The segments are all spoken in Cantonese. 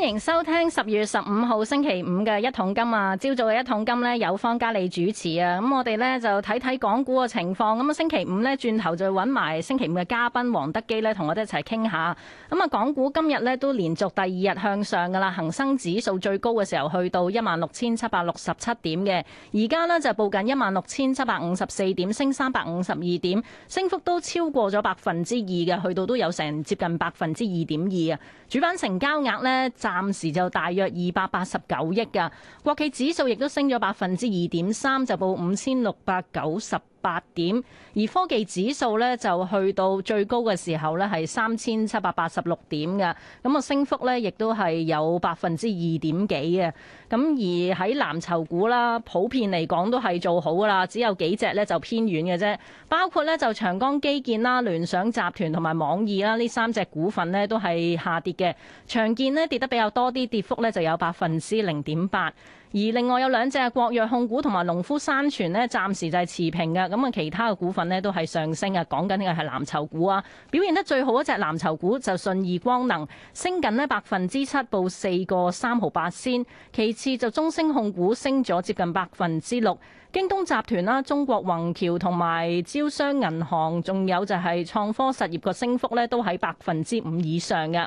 歡迎收聽十二月十五號星期五嘅一桶金啊！朝早嘅一桶金呢，有方嘉利主持啊！咁我哋呢，就睇睇港股嘅情況。咁啊，星期五呢，轉頭再揾埋星期五嘅嘉賓黃德幾呢，同我哋一齊傾下。咁啊，港股今日呢，都連續第二日向上噶啦，恒生指數最高嘅時候去到一萬六千七百六十七點嘅，而家呢，就報緊一萬六千七百五十四點，升三百五十二點，升幅都超過咗百分之二嘅，去到都有成接近百分之二點二啊！主板成交額呢。暫時就大約二百八十九億噶，國企指數亦都升咗百分之二點三，就報五千六百九十八點，而科技指數呢，就去到最高嘅時候呢，係三千七百八十六點嘅，咁個升幅呢，亦都係有百分之二點幾嘅。咁而喺藍籌股啦，普遍嚟講都係做好噶啦，只有幾隻呢就偏遠嘅啫。包括呢，就長江基建啦、聯想集團同埋網易啦呢三隻股份呢，都係下跌嘅，長建呢，跌得比較多啲，跌幅呢就有百分之零點八。而另外有兩隻國藥控股同埋農夫山泉呢，暫時就係持平嘅。咁啊，其他嘅股份呢，都係上升嘅。講緊嘅係藍籌股啊，表現得最好一隻藍籌股就順義光能，升緊呢百分之七，報四個三毫八仙。其次就中升控股升咗接近百分之六。京東集團啦、中國宏橋同埋招商銀行，仲有就係創科實業個升幅呢，都喺百分之五以上嘅。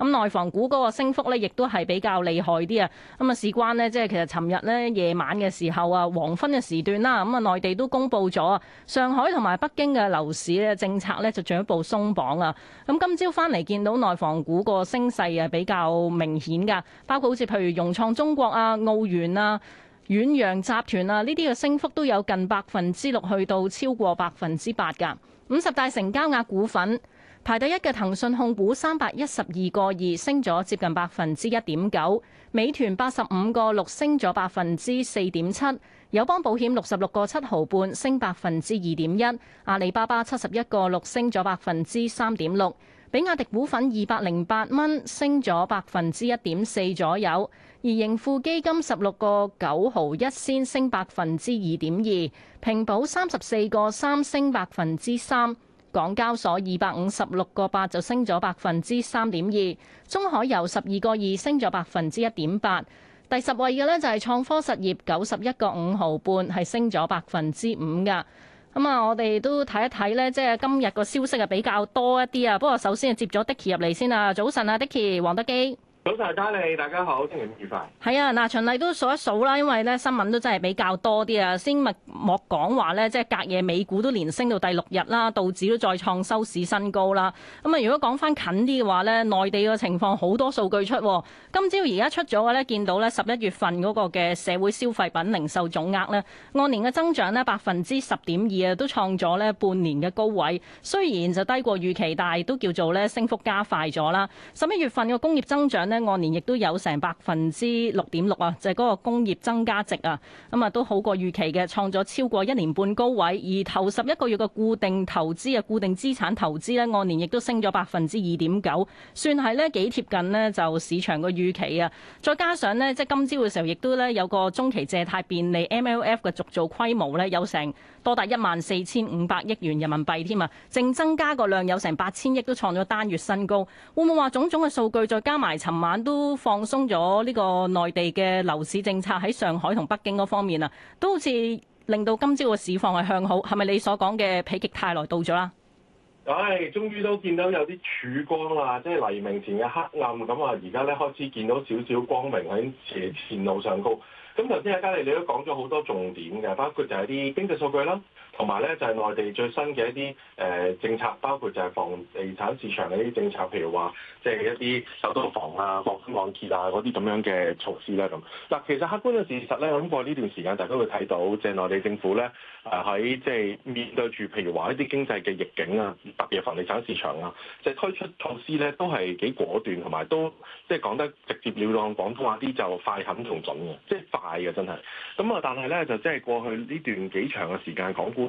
咁內房股嗰個升幅咧，亦都係比較厲害啲啊！咁啊，事關呢，即係其實尋日咧夜晚嘅時候啊，黃昏嘅時段啦，咁啊，內地都公布咗啊，上海同埋北京嘅樓市咧政策咧就進一步鬆綁啊！咁今朝翻嚟見到內房股個升勢啊，比較明顯㗎，包括好似譬如融創中國啊、奧園啊、遠洋集團啊呢啲嘅升幅都有近百分之六，去到超過百分之八㗎。五十大成交額股份。排第一嘅騰訊控股三百一十二個二，升咗接近百分之一點九。美團八十五個六，升咗百分之四點七。友邦保險六十六個七毫半，升百分之二點一。阿里巴巴七十一個六，升咗百分之三點六。比亞迪股份二百零八蚊，升咗百分之一點四左右。而盈富基金十六個九毫一，先升百分之二點二。平保三十四個三，升百分之三。港交所二百五十六個八就升咗百分之三點二，中海油十二個二升咗百分之一點八，第十位嘅咧就係創科實業九十、嗯、一個五毫半係升咗百分之五㗎，咁啊，我哋都睇一睇咧，即係今日個消息啊比較多一啲啊，不過首先係接咗 Dicky 入嚟先啊，早晨啊 Dicky 黃德幾。大家好，今日咁愉快。係啊，嗱，循例都數一數啦，因為咧新聞都真係比較多啲啊。先勿莫講話咧，即係隔夜美股都連升到第六日啦，道指都再創收市新高啦。咁啊，如果講翻近啲嘅話咧，內地嘅情況好多數據出。啊、今朝而家出咗嘅咧，見到咧十一月份嗰個嘅社會消費品零售總額咧，按年嘅增長咧百分之十點二啊，都創咗咧半年嘅高位。雖然就低過預期，但係都叫做咧升幅加快咗啦。十一月份嘅工業增長咧。按年亦都有成百分之六點六啊，就係嗰個工業增加值啊，咁啊都好過預期嘅，創咗超過一年半高位。而頭十一個月嘅固定投資啊，固定資產投資咧，按年亦都升咗百分之二點九，算係咧幾貼近咧就市場個預期啊。再加上咧，即係今朝嘅時候，亦都咧有個中期借貸便利 MLF 嘅續做規模咧，有成多達一萬四千五百億元人民幣添啊，淨增加個量有成八千億，都創咗單月新高。會唔會話種種嘅數據再加埋尋晚都放鬆咗呢個內地嘅樓市政策喺上海同北京嗰方面啊，都好似令到今朝嘅市況係向好，係咪你所講嘅否極泰來到咗啦？唉、哎，終於都見到有啲曙光啦，即係黎明前嘅黑暗咁啊！而家咧開始見到少少光明喺前路上高。咁頭先啊嘉莉，你都講咗好多重點嘅，包括就係啲經濟數據啦。同埋咧就係、是、內地最新嘅一啲誒、呃、政策，包括就係房地產市場嗰啲政策，譬如話即係一啲首套房啊、降按揭啊嗰啲咁樣嘅措施啦咁。嗱，其實客觀嘅事實咧，我諗過呢段時間大家都會睇到，即、就、係、是、內地政府咧喺即係面對住譬如話一啲經濟嘅逆境啊，特別係房地產市場啊，即、就、係、是、推出措施咧都係幾果斷，同埋都即係、就是、講得直接了當，廣東話啲就快狠同準嘅，即、就、係、是、快嘅真係。咁啊，但係咧就即係過去呢段幾長嘅時間，港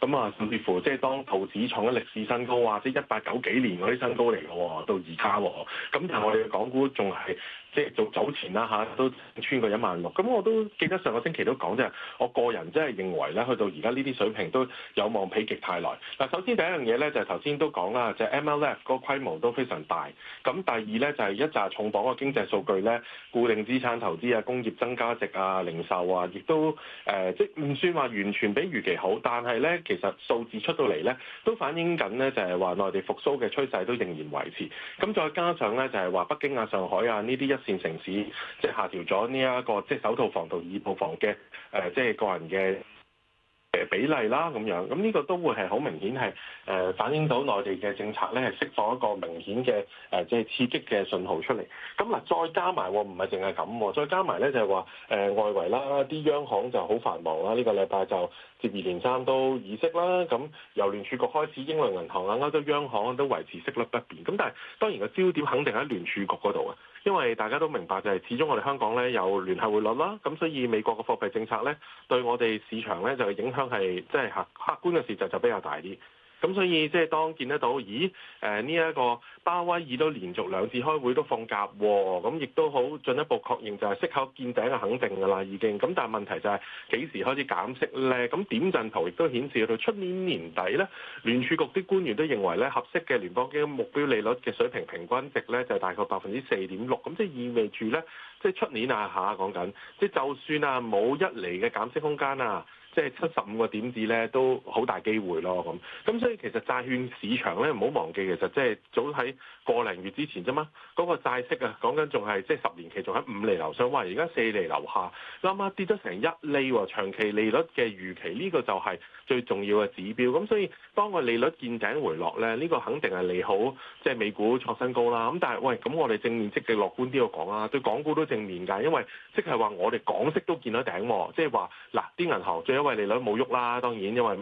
咁啊，甚至乎即係當道指創咗歷史新高，啊，即係一八九幾年嗰啲新高嚟嘅喎，到而家喎。咁但係我哋嘅港股仲係即係到早前啦吓都穿過一萬六。咁我都記得上個星期都講，即係我個人真係認為咧，去到而家呢啲水平都有望否極泰來。嗱，首先第一樣嘢咧就係頭先都講啦，就 MLF 嗰個規模都非常大。咁第二咧就係一紮重磅嘅經濟數據咧，固定資產投資啊、工業增加值啊、零售啊，亦都誒、呃、即係唔算話完全比預期好，但係咧，其實數字出到嚟咧，都反映緊咧，就係話內地復甦嘅趨勢都仍然維持。咁再加上咧，就係話北京啊、上海啊呢啲一線城市，即係下調咗呢一個即係首套房同二套房嘅誒，即係個人嘅誒比例啦。咁樣咁呢個都會係好明顯係誒反映到內地嘅政策咧，係釋放一個明顯嘅誒，即係刺激嘅信號出嚟。咁嗱，再加埋唔係淨係咁，再加埋咧就係話誒外圍啦，啲央行就好繁忙啦。呢個禮拜就，接二連三都議息啦，咁由聯儲局開始，英倫銀行啊、歐洲央行都維持息率不變。咁但係當然個焦點肯定喺聯儲局嗰度啊，因為大家都明白就係，始終我哋香港呢有聯繫匯率啦，咁所以美國嘅貨幣政策呢，對我哋市場呢，就影響係即係客客觀嘅事實就比較大啲。咁所以即係當見得到，咦？誒呢一個巴威爾都連續兩次開會都放鴿，咁、哦、亦都好進一步確認就係息口見頂嘅肯定㗎啦，已經。咁但係問題就係幾時開始減息咧？咁點陣圖亦都顯示到出年年底咧，聯儲局啲官員都認為咧，合適嘅聯邦基金目標利率嘅水平平均值咧就係、大概百分之四點六。咁即係意味住咧，即係出年啊嚇講緊，即係就算啊冇一厘嘅減息空間啊。即係七十五個點子咧，都好大機會咯咁。咁所以其實債券市場咧，唔好忘記其實即係早喺個零月之前啫嘛，嗰個債息啊講緊仲係即係十年期仲喺五厘樓上，喂，而家四厘樓下，啱啱跌咗成一厘喎。長期利率嘅預期呢個就係最重要嘅指標。咁所以當個利率見頂回落咧，呢個肯定係利好，即係美股創新高啦。咁但係喂，咁我哋正面積極樂觀啲去講啦，對港股都正面㗎，因為即係話我哋港息都見到頂，即係話嗱啲銀行最一。利率冇喐啦，當然因為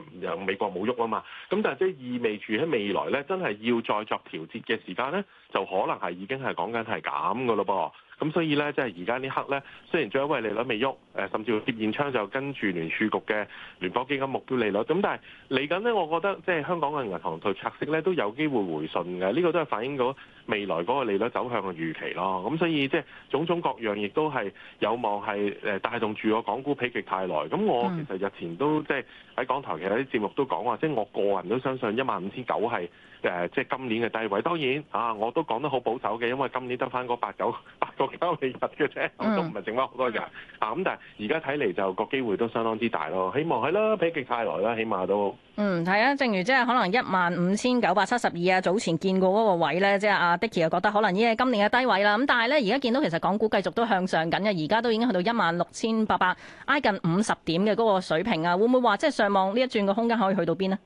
美國冇喐啊嘛，咁但係即係意味住喺未來呢，真係要再作調節嘅時間呢，就可能係已經係講緊係咁嘅咯噃。咁所以咧，即係而家呢刻咧，雖然最優惠利率未喐，誒，甚至貼現窗就跟住聯儲局嘅聯邦基金目標利率，咁但係嚟緊咧，我覺得即係香港嘅銀行對拆息咧都有機會回順嘅，呢、這個都係反映到未來嗰個利率走向嘅預期咯。咁所以即係種種各樣亦都係有望係誒帶動住個港股否極泰來。咁我其實日前都、嗯、即係。喺港台其實啲節目都講話，即、就、係、是、我個人都相信一萬五千九係誒，即、呃、係、就是、今年嘅低位。當然啊，我都講得好保守嘅，因為今年得翻嗰八九八個交易日嘅啫，我都唔係剩翻好多嘅。啊，咁但係而家睇嚟就個機會都相當之大咯。希望係啦，否極泰來啦，起碼都～嗯，係啊，正如即係可能一萬五千九百七十二啊，早前見過嗰個位呢，即係阿 Dicky 又覺得可能依係今年嘅低位啦。咁但係呢，而家見到其實港股繼續都向上緊嘅，而家都已經去到一萬六千八百，挨近五十點嘅嗰個水平啊。會唔會話即係上望呢一轉嘅空間可以去到邊呢？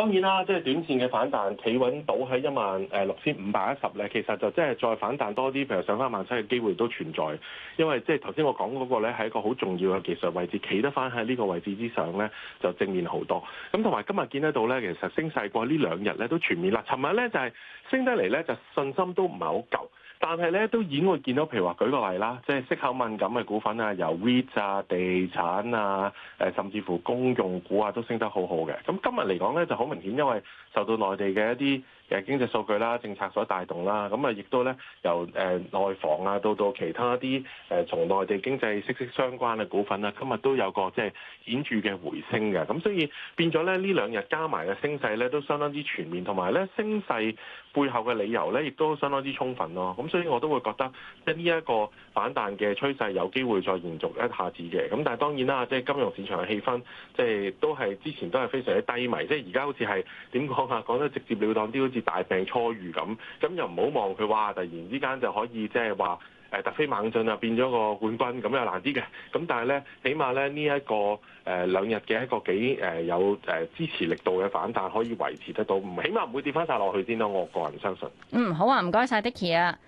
當然啦，即係短線嘅反彈企穩到喺一萬誒六千五百一十咧，其實就即係再反彈多啲，譬如上翻萬七嘅機會都存在，因為即係頭先我講嗰個咧係一個好重要嘅技術位置，企得翻喺呢個位置之上咧，就正面好多。咁同埋今日見得到咧，其實升勢過呢兩日咧都全面啦。尋日咧就係、是、升得嚟咧，就信心都唔係好夠。但係咧都已經會見到，譬如話舉個例啦，即係息口敏感嘅股份啊，由 REIT 啊、地產啊、誒甚至乎公用股啊，都升得好好嘅。咁今日嚟講咧，就好明顯，因為受到內地嘅一啲誒經濟數據啦、政策所帶動啦，咁啊亦都咧由誒內房啊，到到其他一啲誒從內地經濟息息相關嘅股份啊，今日都有個即係顯著嘅回升嘅。咁所以變咗咧呢兩日加埋嘅升勢咧，都相當之全面，同埋咧升勢。背後嘅理由咧，亦都相當之充分咯。咁、嗯、所以我都會覺得，即係呢一個反彈嘅趨勢有機會再延續一下子嘅。咁但係當然啦，即係金融市場嘅氣氛，即係都係之前都係非常之低迷。即係而家好似係點講啊？講得直接了當啲，好似大病初愈咁。咁又唔好望佢話突然之間就可以即係話。誒突飛猛進啊，變咗個冠軍咁又難啲嘅，咁但係咧，起碼咧、這、呢、個呃、一個誒兩日嘅一個幾誒有誒支持力度嘅反彈，可以維持得到，唔起碼唔會跌翻晒落去先咯。我個人相信。嗯，好啊，唔該晒，Dicky 啊。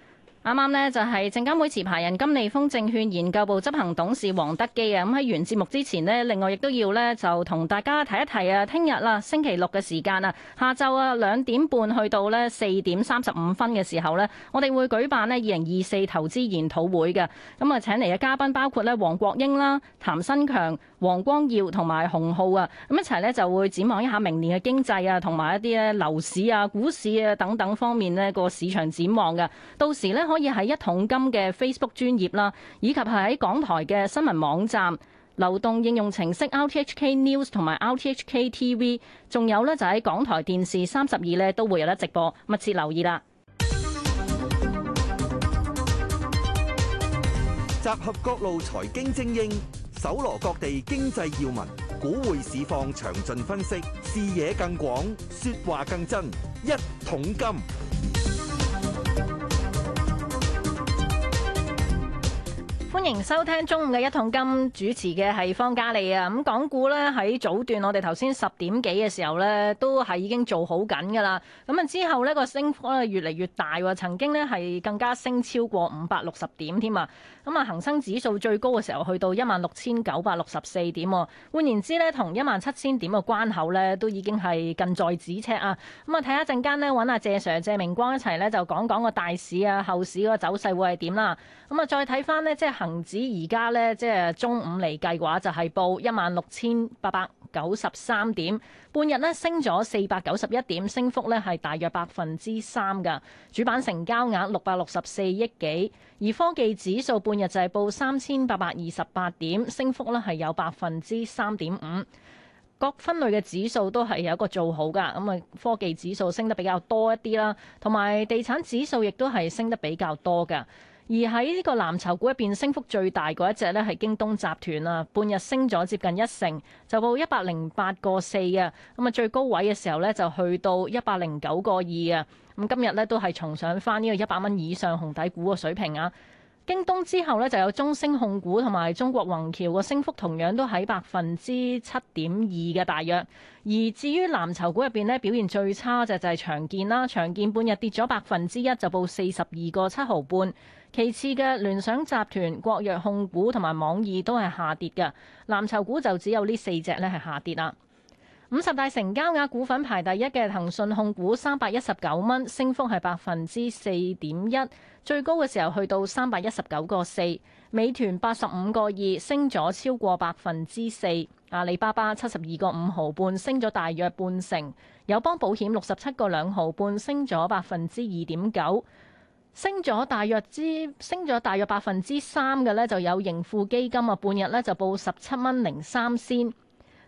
啱啱呢就係證監會持牌人金利豐證券研究部執行董事黃德幾啊，咁喺完節目之前呢，另外亦都要呢就同大家提一提啊，聽日啦星期六嘅時間啊，下晝啊兩點半去到呢四點三十五分嘅時候呢，我哋會舉辦呢二零二四投資研討會嘅，咁啊請嚟嘅嘉賓包括呢黃國英啦、譚新強。黃光耀同埋洪浩啊，咁一齊咧就會展望一下明年嘅經濟啊，同埋一啲咧樓市啊、股市啊等等方面呢個市場展望嘅。到時呢可以喺一桶金嘅 Facebook 專頁啦，以及係喺港台嘅新聞網站、流動應用程式 RTHK News 同埋 RTHK TV，仲有咧就喺港台電視三十二咧都會有得直播，密切留意啦。集合各路財經精英。搜羅各地經濟要聞，股匯市況詳盡分析，視野更廣，說話更真。一桶金，歡迎收聽中午嘅一桶金，主持嘅係方嘉利。啊。咁港股咧喺早段，我哋頭先十點幾嘅時候咧，都係已經做好緊㗎喇。咁啊之後呢個升幅咧越嚟越大，曾經咧係更加升超過五百六十點添啊！咁啊，恒生指數最高嘅時候去到一萬六千九百六十四點，換言之咧，同一萬七千點嘅關口咧，都已經係近在咫尺啊！咁、嗯、啊，睇下陣間咧，揾阿謝 Sir、謝明光一齊咧，就講講個大市啊、後市個走勢會係點啦。咁、嗯、啊，再睇翻咧，即係恒指而家咧，即係中午嚟計嘅話就係、是、報一萬六千八百九十三點，半日咧升咗四百九十一點，升幅咧係大約百分之三噶。主板成交額六百六十四億幾，而科技指數半。半日就係報三千八百二十八點，升幅呢係有百分之三點五。各分類嘅指數都係有一個做好噶。咁啊，科技指數升得比較多一啲啦，同埋地產指數亦都係升得比較多嘅。而喺呢個藍籌股入邊，升幅最大嗰一隻呢係京東集團啊，半日升咗接近一成，就報一百零八個四嘅。咁啊，最高位嘅時候呢，就去到一百零九個二嘅。咁今日呢，都係重上翻呢個一百蚊以上紅底股嘅水平啊！京東之後咧，就有中升控股同埋中國宏橋個升幅同樣都喺百分之七點二嘅大約。而至於藍籌股入邊咧，表現最差就就係長建啦，長建半日跌咗百分之一，就報四十二個七毫半。其次嘅聯想集團、國藥控股同埋網易都係下跌嘅。藍籌股就只有呢四隻咧係下跌啦。五十大成交額股份排第一嘅騰訊控股三百一十九蚊，升幅係百分之四點一，最高嘅時候去到三百一十九個四。美團八十五個二，升咗超過百分之四。阿里巴巴七十二個五毫半，升咗大約半成。友邦保險六十七個兩毫半，升咗百分之二點九，升咗大約之，升咗大約百分之三嘅咧，就有盈富基金啊，半日咧就報十七蚊零三仙。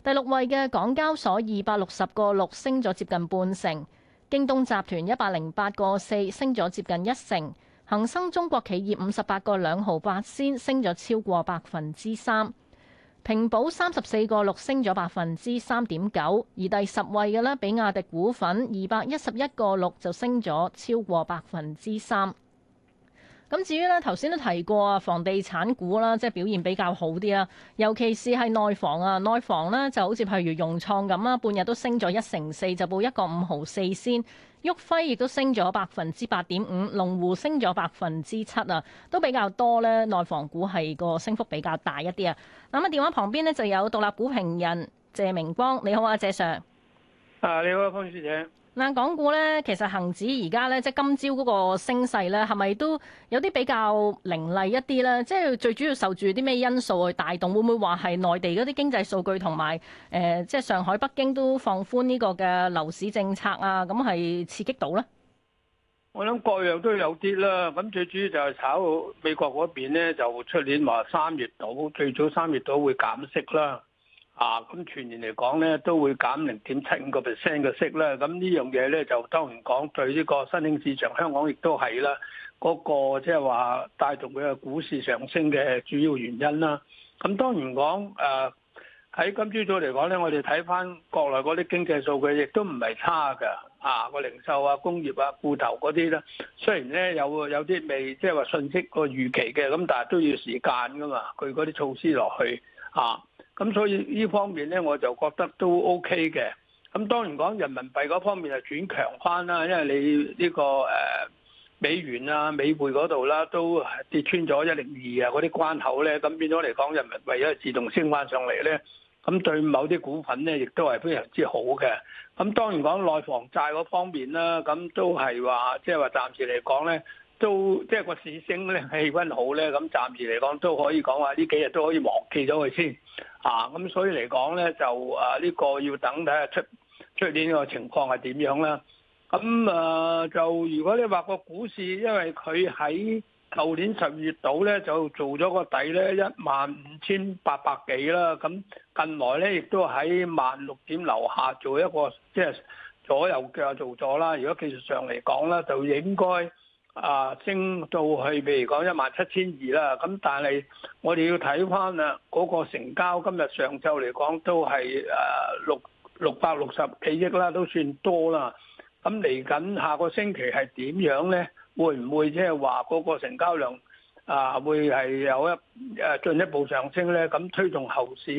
第六位嘅港交所二百六十個六升咗接近半成。京東集團一百零八個四升咗接近一成。恒生中國企業五十八個兩毫八仙升咗超過百分之三。平保三十四個六升咗百分之三點九。而第十位嘅呢，比亞迪股份二百一十一個六就升咗超過百分之三。咁至於咧，頭先都提過啊，房地產股啦，即係表現比較好啲啦，尤其是係內房啊，內房咧就好似譬如融創咁啊，半日都升咗一成四，就報一個五毫四仙。旭輝亦都升咗百分之八點五，龍湖升咗百分之七啊，都比較多呢，內房股係個升幅比較大一啲啊。咁啊，電話旁邊呢，就有獨立股評人謝明光，你好啊，謝 Sir。啊，你好，啊，方小姐。嗱，港股咧，其實恒指而家咧，即係今朝嗰個升勢咧，係咪都有啲比較凌厲一啲咧？即係最主要受住啲咩因素去帶動？會唔會話係內地嗰啲經濟數據同埋誒，即係上海、北京都放寬呢個嘅樓市政策啊？咁係刺激到咧？我諗各樣都有啲啦，咁最主要就係炒美國嗰邊咧，就出年話三月到最早三月到會減息啦。啊，咁全年嚟講咧，都會減零點七五個 percent 嘅息啦。咁呢樣嘢咧，就當然講對呢個新興市場香港亦都係啦，嗰個即係話帶動佢嘅股市上升嘅主要原因啦。咁當然講誒，喺、啊、今朝早嚟講咧，我哋睇翻國內嗰啲經濟數據，亦都唔係差㗎。啊，個零售啊、工業啊、固投嗰啲咧，雖然咧，有有啲未即係話信息個預期嘅，咁但係都要時間噶嘛，佢嗰啲措施落去啊。咁所以呢方面咧，我就覺得都 OK 嘅。咁當然講人民幣嗰方面係轉強翻啦，因為你呢、呢個誒、呃、美元啊、美匯嗰度啦，都跌穿咗一零二啊嗰啲關口咧，咁變咗嚟講，人民幣又自動升翻上嚟咧。咁對某啲股份咧，亦都係非常之好嘅。咁當然講內房債嗰方面啦，咁都係話即係話暫時嚟講咧。都即係個市升咧，氣氛好咧，咁暫時嚟講都可以講話呢幾日都可以忘記咗佢先啊！咁所以嚟講咧，就啊呢、呢個要等睇下出出年個情況係點樣啦。咁啊就如果你話個股市，因為佢喺舊年十月度咧就做咗個底咧一萬五千八百幾啦，咁近來咧亦都喺萬六點樓下做一個即係、就係、左右嘅做咗啦。如果技術上嚟講咧，就應該。啊，升到去譬如講一萬七千二啦，咁但係我哋要睇翻啊嗰個成交，今日上晝嚟講都係誒六六百六十幾億啦，都算多啦。咁嚟緊下個星期係點樣咧？會唔會即係話嗰個成交量啊會係有一誒進一步上升咧？咁推動後市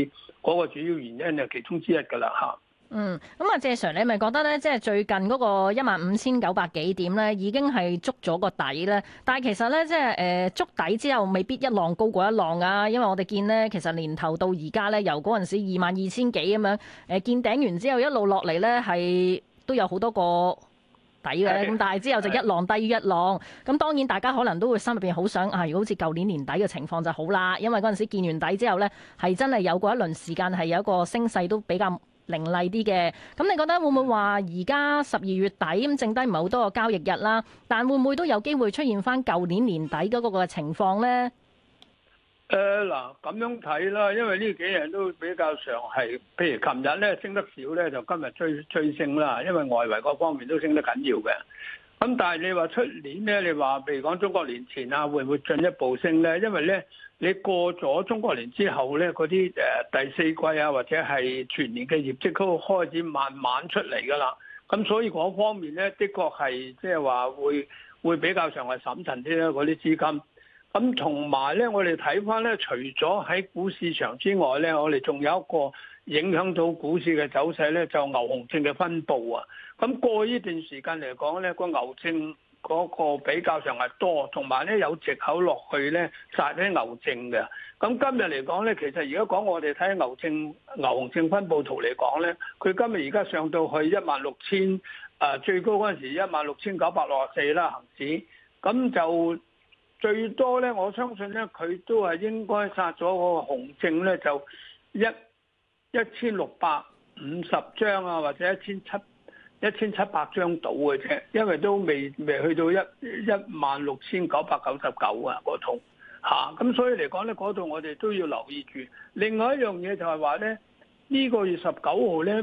嗰個主要原因就其中之一㗎啦嚇。嗯，咁啊，謝 Sir，你咪覺得咧，即係最近嗰個一萬五千九百幾點咧，已經係捉咗個底咧。但係其實咧，即係誒捉底之後，未必一浪高過一浪啊。因為我哋見呢，其實年頭到而家咧，由嗰陣時二萬二千幾咁樣誒、呃、見頂完之後一路落嚟咧，係都有好多個底嘅。咁的但係之後就一浪低於一浪。咁的當然大家可能都會心入邊好想啊，如果好似舊年年底嘅情況就好啦，因為嗰陣時見完底之後咧，係真係有過一輪時間係有一個升勢都比較。凌厲啲嘅，咁你覺得會唔會話而家十二月底咁，剩低唔係好多個交易日啦？但會唔會都有機會出現翻舊年年底嗰個情況咧？誒嗱、呃，咁樣睇啦，因為呢幾日都比較上係，譬如琴日咧升得少咧，就今日追追升啦，因為外圍各方面都升得緊要嘅。咁但係你話出年咧，你話譬如講中國年前啊，會唔會進一步升咧？因為咧。你過咗中國年之後咧，嗰啲誒第四季啊，或者係全年嘅業績都開始慢慢出嚟㗎啦。咁所以嗰方面咧，的確係即係話會會比較上係審慎啲啦嗰啲資金。咁同埋咧，我哋睇翻咧，除咗喺股市場之外咧，我哋仲有一個影響到股市嘅走勢咧，就牛熊證嘅分佈啊。咁過呢段時間嚟講咧，個牛證。嗰個比較上係多，同埋咧，有藉口落去咧殺啲牛證嘅。咁今日嚟講咧，其實如果講我哋睇牛證、牛紅證分佈圖嚟講咧，佢今日而家上到去一萬六千啊，最高嗰陣時一萬六千九百六十四啦，恒指咁就最多咧，我相信咧，佢都係應該殺咗個紅證咧，就一一千六百五十張啊，或者一千七。一千七百張到嘅啫，因為都未未去到一一萬六千九百九十九啊個桶咁、啊、所以嚟講咧，嗰、那、度、個、我哋都要留意住。另外一樣嘢就係話咧，呢、這個月十九號咧，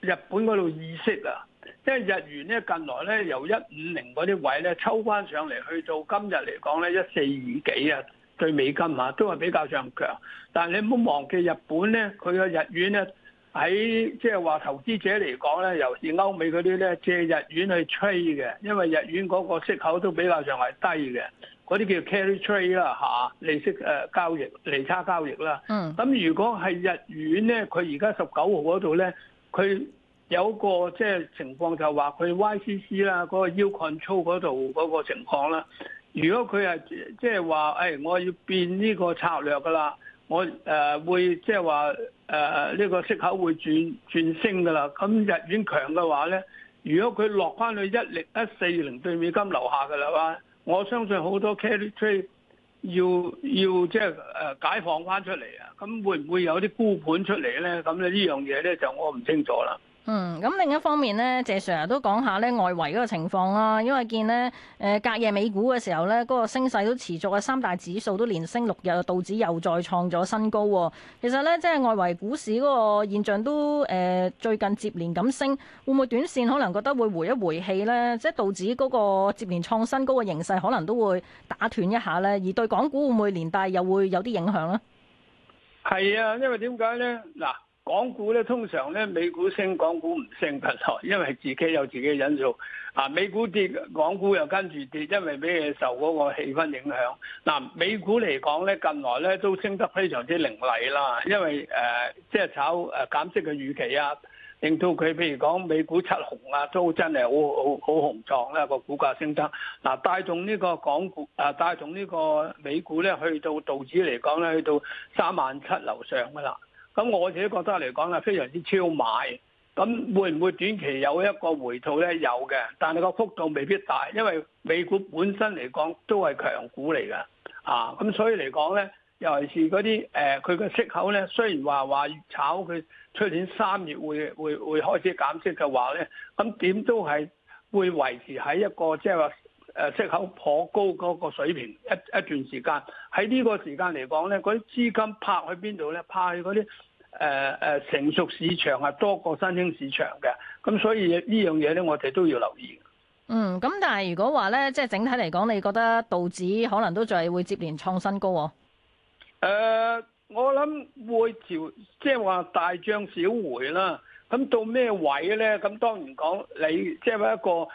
日本嗰度意識啊，即係日元咧近來咧由一五零嗰啲位咧抽翻上嚟，去到今日嚟講咧一四二幾啊，對美金嚇、啊、都係比較上強。但係你唔好忘記日本咧，佢個日元咧。喺即係話投資者嚟講咧，尤其是歐美嗰啲咧，借日元去 trade 嘅，因為日元嗰個息口都比較上係低嘅，嗰啲叫 carry trade 啦嚇，利息誒交易利差交易啦。嗯。咁如果係日元咧，佢而家十九號嗰度咧，佢有個即係情況就話佢 YCC 啦，嗰、那個 yield control 嗰度嗰個情況啦。如果佢係即係話，誒、哎，我要變呢個策略㗎啦。我誒、呃、會即係話誒呢個息口會轉轉升㗎啦，咁日元強嘅話咧，如果佢落翻去一零一四零對美金樓下㗎啦，哇！我相信好多 carry trade 要要即係誒解放翻出嚟啊，咁、嗯、會唔會有啲沽盤出嚟咧？咁、嗯、咧呢樣嘢咧就我唔清楚啦。嗯，咁另一方面呢，謝 Sir 都講下呢外圍嗰個情況啦，因為見呢誒隔夜美股嘅時候呢，嗰個升勢都持續嘅三大指數都連升六日啊，道指又再創咗新高。其實呢，即係外圍股市嗰個現象都誒最近接連咁升，會唔會短線可能覺得會回一回氣呢？即係道指嗰個接連創新高嘅形勢，可能都會打斷一下呢？而對港股會唔會連帶又會有啲影響呢？係啊，因為點解呢？嗱。港股咧通常咧美股升，港股唔升嘅，因為自己有自己嘅因素。啊，美股跌，港股又跟住跌，因為俾佢受嗰個氣氛影響。嗱、啊，美股嚟講咧，近來咧都升得非常之凌厲啦，因為誒、呃、即係炒誒減息嘅預期啊，令到佢譬如講美股七紅啊，都真係好好好雄壯啦個股價升得。嗱、啊，帶動呢個港股啊，帶動呢個美股咧，去到道指嚟講咧，去到三萬七樓上嘅啦。咁我自己覺得嚟講咧，非常之超買。咁會唔會短期有一個回吐咧？有嘅，但係個幅度未必大，因為美股本身嚟講都係強股嚟㗎。啊，咁所以嚟講咧，尤其是嗰啲誒佢嘅息口咧，雖然話話炒佢出年三月會會會開始減息嘅話咧，咁點都係會維持喺一個即係話誒息口頗高嗰個水平一一段時間。喺呢個時間嚟講咧，嗰啲資金泊去邊度咧？泊去嗰啲。誒誒、呃呃，成熟市場啊多過新興市場嘅，咁所以呢樣嘢咧，我哋都要留意。嗯，咁但係如果話咧，即係整體嚟講，你覺得道指可能都仲係會接連創新高，哦？誒、呃，我諗會照，即係話大漲小回啦。咁到咩位咧？咁當然講，你即係一個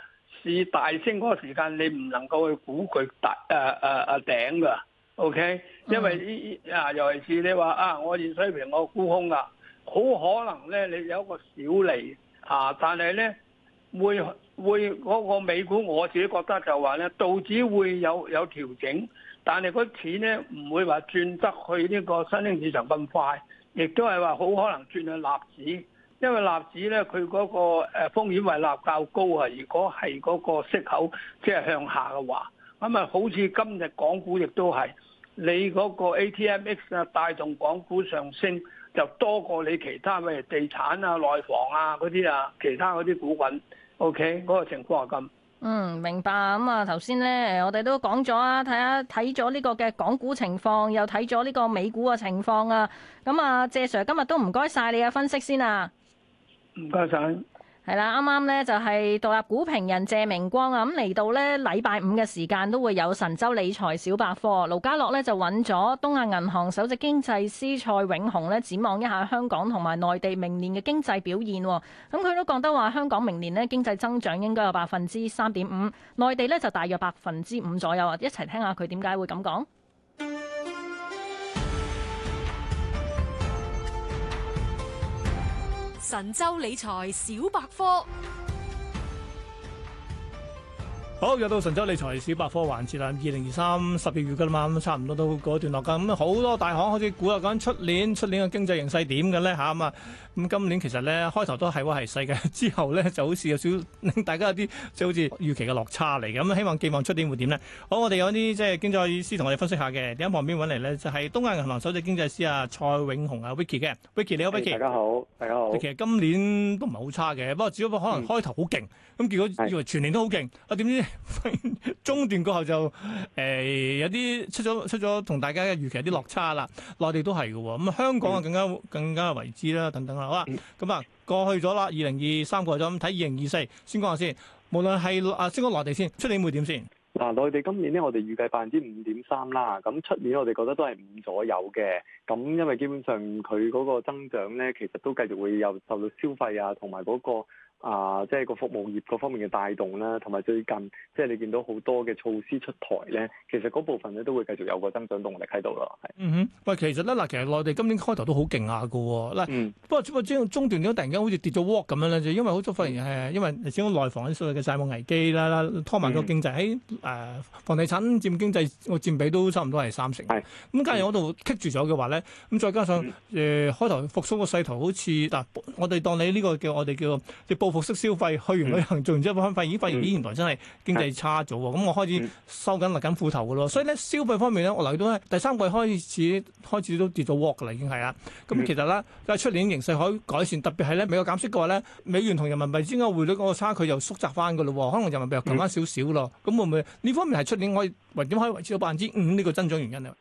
市大升嗰個時間，你唔能夠去估佢大誒誒誒頂噶。O、okay? K，因為依啊，尤其是你話啊，我現水平我沽空啊，好可能咧，你有一個小利啊，但係咧會會嗰、那個美股，我自己覺得就話咧，道指會有有調整，但係嗰錢咧唔會話轉得去呢個新興市場咁快，亦都係話好可能轉去納指，因為納指咧佢嗰個誒風險為納較高啊，如果係嗰個息口即係、就是、向下嘅話。咁啊，好似今日港股亦都係你嗰個 ATMX 啊，帶動港股上升，就多過你其他咩地產啊、內房啊嗰啲啊，其他嗰啲股份。OK，嗰個情況係咁。嗯，明白。咁、嗯、啊，頭先咧，我哋都講咗啊，睇下睇咗呢個嘅港股情況，又睇咗呢個美股嘅情況啊。咁啊，謝 Sir，今日都唔該晒你嘅分析先啊。唔該晒。係啦，啱啱呢就係獨立股評人謝明光啊，咁嚟到呢禮拜五嘅時間都會有神州理財小百科。盧家樂呢就揾咗東亞銀行首席經濟師蔡永雄呢，展望一下香港同埋內地明年嘅經濟表現。咁佢都覺得話，香港明年呢經濟增長應該有百分之三點五，內地呢就大約百分之五左右。啊，一齊聽下佢點解會咁講。神州理財小百科。好，又到神州理財小百科環節啦，二零二三十二月㗎啦嘛，咁差唔多都過咗一段落㗎。咁好多大行開始估話講出年出年嘅經濟形勢點嘅咧嚇咁啊！咁、嗯、今年其實咧開頭都係話係細嘅，之後咧就好似有少大家有啲即係好似預期嘅落差嚟嘅。咁。希望寄望出年會點咧？好，我哋有啲即係經濟師同我哋分析下嘅，喺旁邊揾嚟咧就係東亞銀行首席經濟師阿蔡永雄阿 Vicky 嘅。Vicky 你好，Vicky。Hey, 大家好，大家好。其實今年都唔係好差嘅，不過只不過可能開頭好勁，咁、嗯、結果以為全年都好勁，啊點是知？ 中段之後就誒、呃、有啲出咗出咗同大家嘅預期有啲落差啦，內地都係嘅喎，咁香港啊更加更加為之啦等等啦，好啦！咁啊過去咗啦，二零二三過去咗，咁睇二零二四先講下先。無論係啊先講內地先，出年會點先？嗱、嗯，內地今年咧，我哋預計百分之五點三啦。咁出年我哋覺得都係五左右嘅。咁因為基本上佢嗰個增長咧，其實都繼續會有受到消費啊同埋嗰個。啊、呃，即係個服務業嗰方面嘅帶動啦，同埋最近即係你見到好多嘅措施出台咧，其實嗰部分咧都會繼續有個增長動力喺度咯。係。嗯哼，喂，其實咧嗱，其實內地今年開頭都好勁下噶，嗱、嗯，不過不過中中段咧突然間好似跌咗鑊咁樣咧，就因為好咗發現係因為始終內房所謂嘅債務危機啦啦拖慢咗經濟。喺、嗯啊、房地產佔經濟個佔比都差唔多係三成。咁、嗯嗯、假如嗰度棘住咗嘅話咧，咁再加上誒開、呃、頭復甦個勢頭好似嗱、啊，我哋當你呢個叫我哋叫我服飾消費，去完旅行，做完之後翻返嚟，已經發現原來真係經濟差咗喎。咁、嗯嗯、我開始收緊勒緊褲頭噶咯。所以咧消費方面咧，我嚟到咧第三季開始開始都跌到蝸噶啦，已經係啦。咁、嗯嗯嗯、其實咧喺出年形勢可以改善，特別係咧美國減息嘅話咧，美元同人民幣之間匯率嗰個差距又縮窄翻噶咯。可能人民幣又強翻少少咯。咁、嗯、會唔會呢方面係出年可以或點可以維持到百分之五呢、呢個增長原因咧？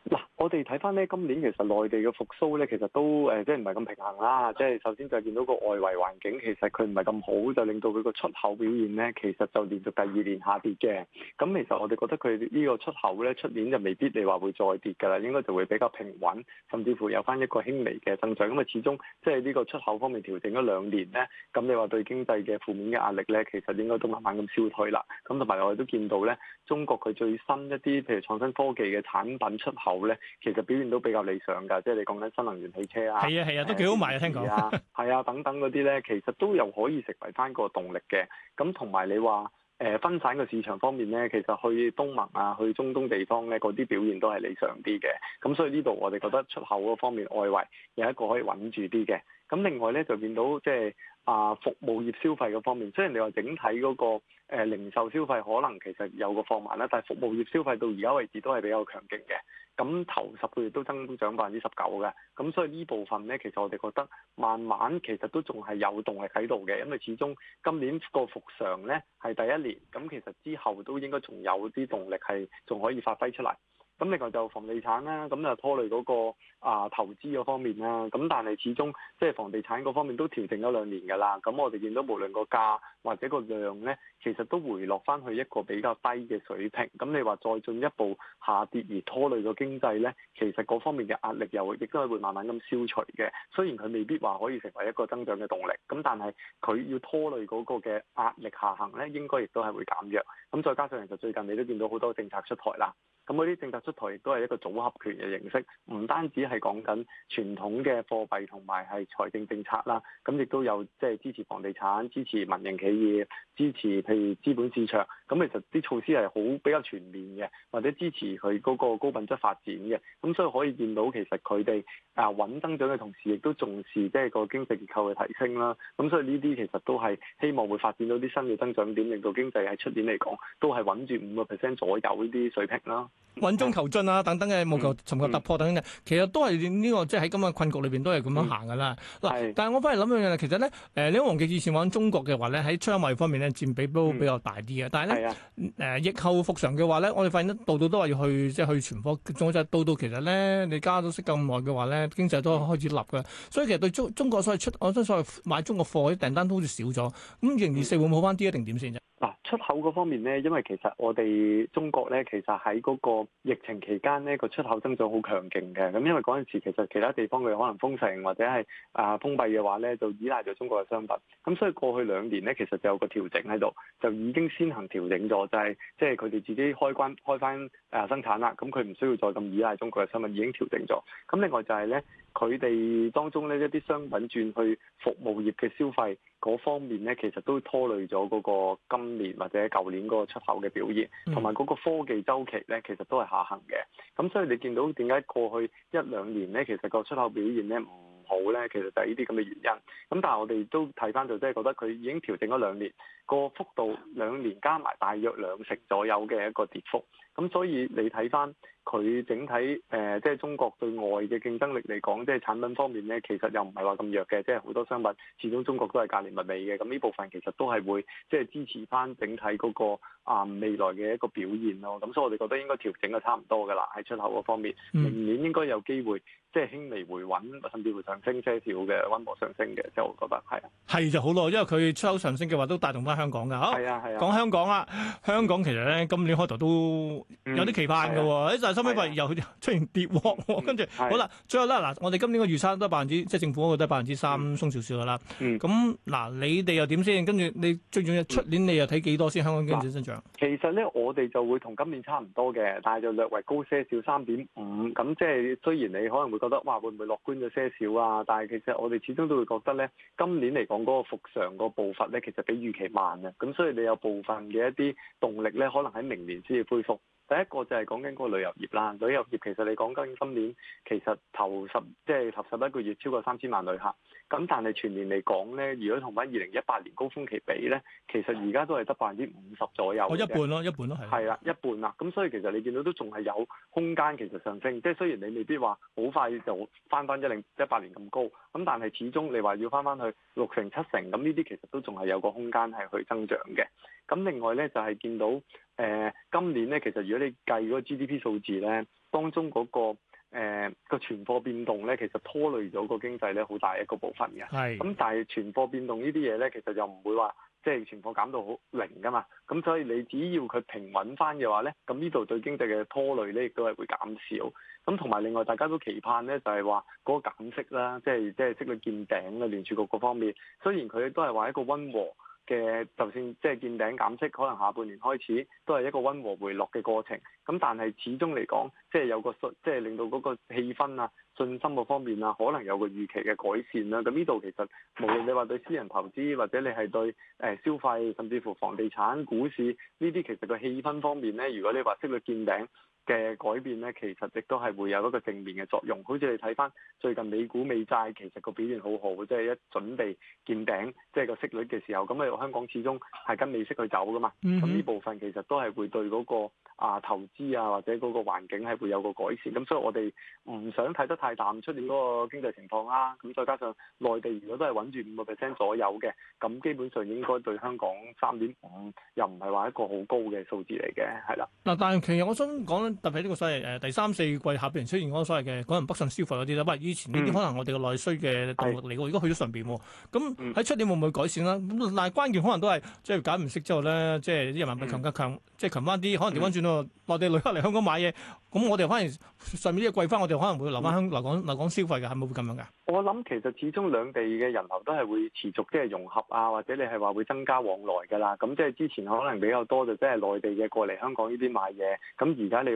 我哋睇翻咧，今年其實內地嘅復甦咧，其實都誒、呃，即係唔係咁平衡啦。即係首先就係見到個外圍環境，其實佢唔係咁好，就令到佢個出口表現咧，其實就連續第二年下跌嘅。咁其實我哋覺得佢呢個出口咧，出年就未必你話會再跌㗎啦，應該就會比較平穩，甚至乎有翻一個輕微嘅增長。咁啊，始終即係呢個出口方面調整咗兩年咧，咁你話對經濟嘅負面嘅壓力咧，其實應該都慢慢咁消退啦。咁同埋我哋都見到咧，中國佢最新一啲譬如創新科技嘅產品出口咧。其實表現都比較理想㗎，即係你講緊新能源汽車啊，係啊係啊，都幾好賣啊，聽講係啊，係啊，等等嗰啲呢，其實都又可以成為翻個動力嘅。咁同埋你話誒、呃、分散個市場方面呢，其實去東盟啊、去中東地方呢，嗰啲表現都係理想啲嘅。咁所以呢度我哋覺得出口嗰方面外圍有一個可以穩住啲嘅。咁另外呢，就見到即係。啊，服務業消費嘅方面，雖然你話整體嗰、嗰個、呃、零售消費可能其實有個放慢啦，但係服務業消費到而家為止都係比較強勁嘅，咁頭十個月都增都長百分之十九嘅，咁所以呢部分呢，其實我哋覺得慢慢其實都仲係有動力喺度嘅，因為始終今年個復常呢係第一年，咁其實之後都應該仲有啲動力係仲可以發揮出嚟。咁另外就房地產啦，咁就拖累嗰個啊投資嗰方面啦。咁但係始終即係房地產嗰方面都調整咗兩年㗎啦。咁我哋見到無論個價或者個量呢，其實都回落返去一個比較低嘅水平。咁你話再進一步下跌而拖累個經濟呢，其實嗰方面嘅壓力又亦都係會慢慢咁消除嘅。雖然佢未必話可以成為一個增長嘅動力，咁但係佢要拖累嗰個嘅壓力下行呢，應該亦都係會減弱。咁再加上其實最近你都見到好多政策出台啦。咁嗰啲政策出台亦都係一個組合拳嘅形式，唔單止係講緊傳統嘅貨幣同埋係財政政策啦，咁亦都有即係支持房地產，支持民營企業，支持譬如資本市場，咁其實啲措施係好比較全面嘅，或者支持佢嗰個高品質發展嘅。咁所以可以見到，其實，佢哋啊穩增長嘅同時亦都重視即係個經濟結構嘅提升啦。咁所以呢啲其實都係希望會發展到啲新嘅增長點令到經濟喺出年嚟講都係穩住五個 percent 左右呢啲水平啦。穩、嗯、中求進啊，等等嘅務求尋求突破等等嘅，其實都係呢、呢個即係喺今日困局裏邊都係咁樣行㗎啦。嗱、嗯，但係我翻嚟諗嘅其實咧，誒，你黃奇以前講中國嘅話咧，喺出口貿易方面咧，佔比都比較大啲嘅。但係咧，誒、嗯，疫、嗯、後復常嘅話咧，我哋發現到到都係要去即係、即係、去存貨，總之到到其實咧，你加咗息咁耐嘅話咧，經濟都開始立㗎。所以其實對中中國所謂出，我所，所謂買中國貨啲訂單都好似少咗。咁二零二四會唔會好翻啲，一定點先啫？嗱，出口嗰方面咧，因為其實我哋中國咧，其實喺嗰、嗰個疫情期間呢個出口增長好強勁嘅，咁因為嗰陣時其實其他地方佢可能封城或者係啊封閉嘅話呢，就依賴咗中國嘅商品。咁所以過去兩年呢，其實就有個調整喺度，就已經先行調整咗，就係即係佢哋自己開關開返啊生產啦。咁佢唔需要再咁依賴中國嘅商品，已經調整咗。咁另外就係呢，佢哋當中呢一啲商品轉去服務業嘅消費。嗰方面咧，其實都拖累咗嗰個今年或者舊年嗰個出口嘅表現，同埋嗰個科技周期咧，其實都係下行嘅。咁所以你見到點解過去一兩年咧，其實個出口表現咧，唔？嗯好咧，其實就係呢啲咁嘅原因。咁但係我哋都睇翻就即係覺得佢已經調整咗兩年，個幅度兩年加埋大約兩成左右嘅一個跌幅。咁所以你睇翻佢整體誒，即係中國對外嘅競爭力嚟講，即係產品方面咧，其實又唔係話咁弱嘅，即係好多商品始終中國都係價廉物美嘅。咁呢部分其實都係會即係支持翻整體嗰個啊未來嘅一個表現咯。咁所以我哋覺得應該調整得差唔多噶啦，喺出口嗰方面，明年應該有機會。即係輕微回穩，甚至會上升些少嘅溫和上升嘅，即我覺得係啊，係就好咯，因為佢出口上升嘅話都帶動翻香港㗎，嚇。係啊係啊。講香港啦，香港其實咧今年開頭都有啲期盼嘅喎，但係收尾發現又的出現跌㗎，嗯、跟住好啦，最後啦嗱，我哋今年嘅預測都百分之，即係政府嗰度得百分之三鬆少少嘅、嗯、啦。咁嗱，你哋又點先？跟住你最重要出年你又睇幾多先？香港經濟增長、啊。其實咧，我哋就會同今年差唔多嘅，但係就略為高些少，三點五。咁即係雖然你可能會。覺得哇會唔會樂觀咗些少啊？但係其實我哋始終都會覺得呢，今年嚟講嗰個復常個步伐呢，其實比預期慢啊。咁所以你有部分嘅一啲動力呢，可能喺明年先至恢復。第一個就係講緊嗰個旅遊業啦，旅遊業其實你講緊今年其實頭十即係頭十一個月超過三千萬旅客，咁但係全年嚟講咧，如果同翻二零一八年高峰期比咧，其實而家都係得百分之五十左右。哦，一半咯，一半咯，係。係啦，一半啦，咁所以其實你見到都仲係有空間，其實上升，即係雖然你未必話好快就翻翻一零一八年咁高，咁但係始終你話要翻翻去六成七成咁，呢啲其實都仲係有個空間係去增長嘅。咁另外咧就係、是、見到誒、呃、今年咧，其實如果你計嗰個 GDP 數字咧，當中嗰、那個誒個存貨變動咧，其實拖累咗個經濟咧好大一個部分嘅。係是。咁但係存貨變動呢啲嘢咧，其實又唔會話即係存貨減到好零噶嘛。咁所以你只要佢平穩翻嘅話咧，咁呢度對經濟嘅拖累咧亦都係會減少。咁同埋另外大家都期盼咧，就係話嗰個減息啦，即係即係息率見頂啦，聯儲局各方面雖然佢都係話一個溫和。嘅，就算即係見頂減息，可能下半年開始都係一個溫和回落嘅過程。咁但係始終嚟講，即係有個信，即係令到嗰個氣氛啊、信心嗰方面啊，可能有個預期嘅改善啦。咁呢度其實，無論你話對私人投資，或者你係對誒、呃、消費，甚至乎房地產、股市呢啲，其實個氣氛方面呢，如果你話息率見頂嘅改變咧，其實亦都係會有一個正面嘅作用。好似你睇翻最近美股美債，其實個表現好好，即係一準備見頂，即係個息率嘅時候。咁啊，香港始終係跟美息去走噶嘛。咁呢部分其實都係會對嗰個啊投資啊或者嗰個環境係會有個改善。咁所以我哋唔想睇得太淡出現嗰個經濟情況啦。咁再加上內地如果都係穩住五個 percent 左右嘅，咁基本上應該對香港三點五又唔係話一個好高嘅數字嚟嘅，係啦。嗱，但係其實我想講特別呢個所謂誒、呃、第三四季下邊出現嗰個所謂嘅可能北上消費嗰啲啦。唔係以前呢啲可能我哋嘅內需嘅動力嚟嘅，而家的去咗上邊，咁喺出年會唔會改善啦？咁但係關鍵可能都係即係減唔息之後咧，即係啲人民幣強加強，即係強翻啲，可能調翻轉咯，內、嗯、地旅客嚟香港買嘢，咁我哋可能上面啲貴翻，我哋可能會留翻香港、嗯、留港留港消費嘅，係咪會咁樣嘅？我諗其實始終兩地嘅人流都係會持續即係融合啊，或者你係話會增加往來㗎啦。咁即係之前可能比較多就即係內地嘅過嚟香港呢啲買嘢，咁而家你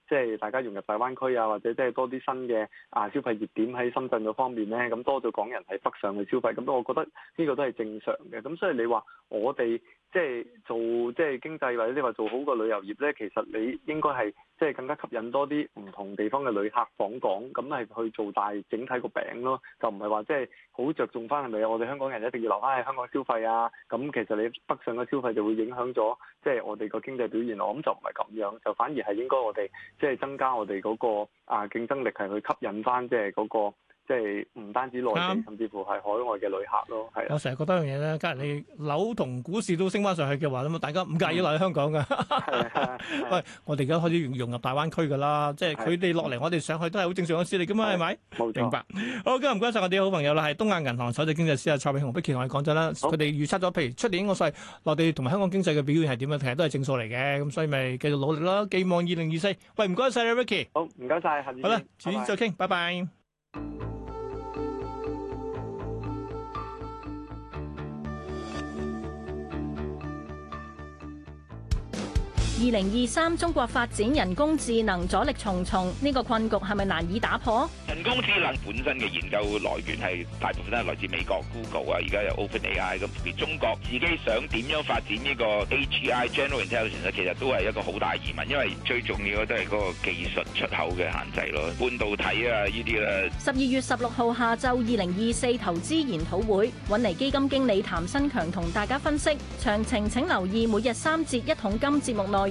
即係大家融入大灣區啊，或者即係多啲新嘅啊消費熱點喺深圳個方面咧，咁多咗港人喺北上去消費，咁我覺得呢個都係正常嘅。咁所以你話我哋即係做即係經濟，或者你話做好個旅遊業咧，其實你應該係即係更加吸引多啲唔同地方嘅旅客訪港，咁係去做大整體個餅咯，就唔係話即係好着重翻係咪我哋香港人一定要留翻喺香港消費啊？咁其實你北上嘅消費就會影響咗即係我哋個經濟表現，我諗就唔係咁樣，就反而係應該我哋。即係增加我哋嗰個啊競爭力，係去吸引返即係嗰個。即係唔單止內地，甚至乎係海外嘅旅客咯。係啊，我成日覺得一樣嘢咧，既然你樓同股市都升翻上去嘅話，咁啊，大家唔介意留喺香港噶。係啊，喂，我哋而家開始融入大灣區噶啦，即係佢哋落嚟，我哋上去都係好正常嘅事嚟噶嘛，係咪？冇錯。明白。好，今日唔該曬我哋好朋友啦，係東亞銀行首席經濟師啊，蔡永雄、Ricky 同我哋講真啦，佢哋預測咗，譬如出年個歲內地同埋香港經濟嘅表現係點啊？其實都係正數嚟嘅，咁所以咪繼續努力咯。寄望二零二四。喂，唔該曬你，Ricky。好，唔該曬，幸好啦，遲啲再傾，拜拜。二零二三中國發展人工智能阻力重重，呢個困局係咪難以打破？人工智能本身嘅研究來源係大部分都係來自美國 Google 啊，而家有 OpenAI 咁。而中國自己想點樣發展呢個 AI general intelligence，其實都係一個好大疑問，因為最重要嘅都係嗰個技術出口嘅限制咯，半導體啊呢啲啦。十二月十六號下晝二零二四投資研討會，搵嚟基金經理譚新強同大家分析詳情，請留意每日三節一桶金節目內。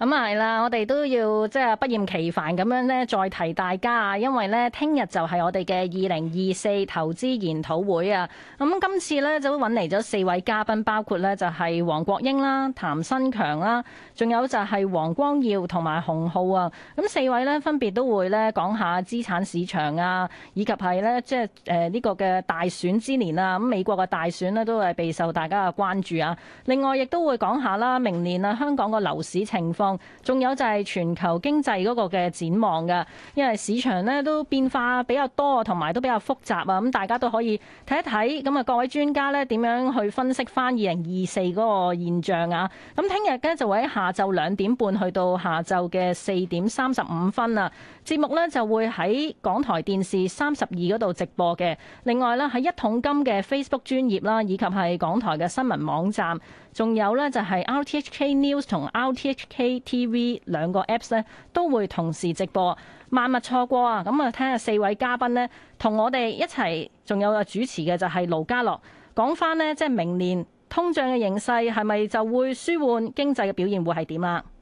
咁係啦，我哋都要即係不厭其煩咁樣咧，再提大家啊，因為咧，聽日就係我哋嘅二零二四投資研討會啊。咁、嗯、今次咧，就揾嚟咗四位嘉賓，包括咧就係黃國英啦、譚新強啦，仲有就係黃光耀同埋洪浩啊。咁、嗯、四位咧分別都會咧講下資產市場啊，以及係咧即係誒呢個嘅大選之年啊。咁、嗯、美國嘅大選咧都係備受大家嘅關注啊。另外亦都會講下啦，明年啊香港嘅樓市情況。仲有就係全球經濟嗰個嘅展望嘅，因為市場咧都變化比較多，同埋都比較複雜啊！咁大家都可以睇一睇，咁啊各位專家咧點樣去分析翻二零二四嗰個現象啊？咁聽日咧就會喺下晝兩點半去到下晝嘅四點三十五分啊！節目咧就會喺港台電視三十二嗰度直播嘅。另外咧喺一桶金嘅 Facebook 專頁啦，以及係港台嘅新聞網站，仲有咧就係 RTHK News 同 RTHK。TV 兩個 Apps 咧都會同時直播，萬勿錯過啊！咁啊，聽下四位嘉賓呢，同我哋一齊，仲有個主持嘅就係盧家樂，講翻呢，即係明年通脹嘅形勢係咪就會舒緩，經濟嘅表現會係點啊？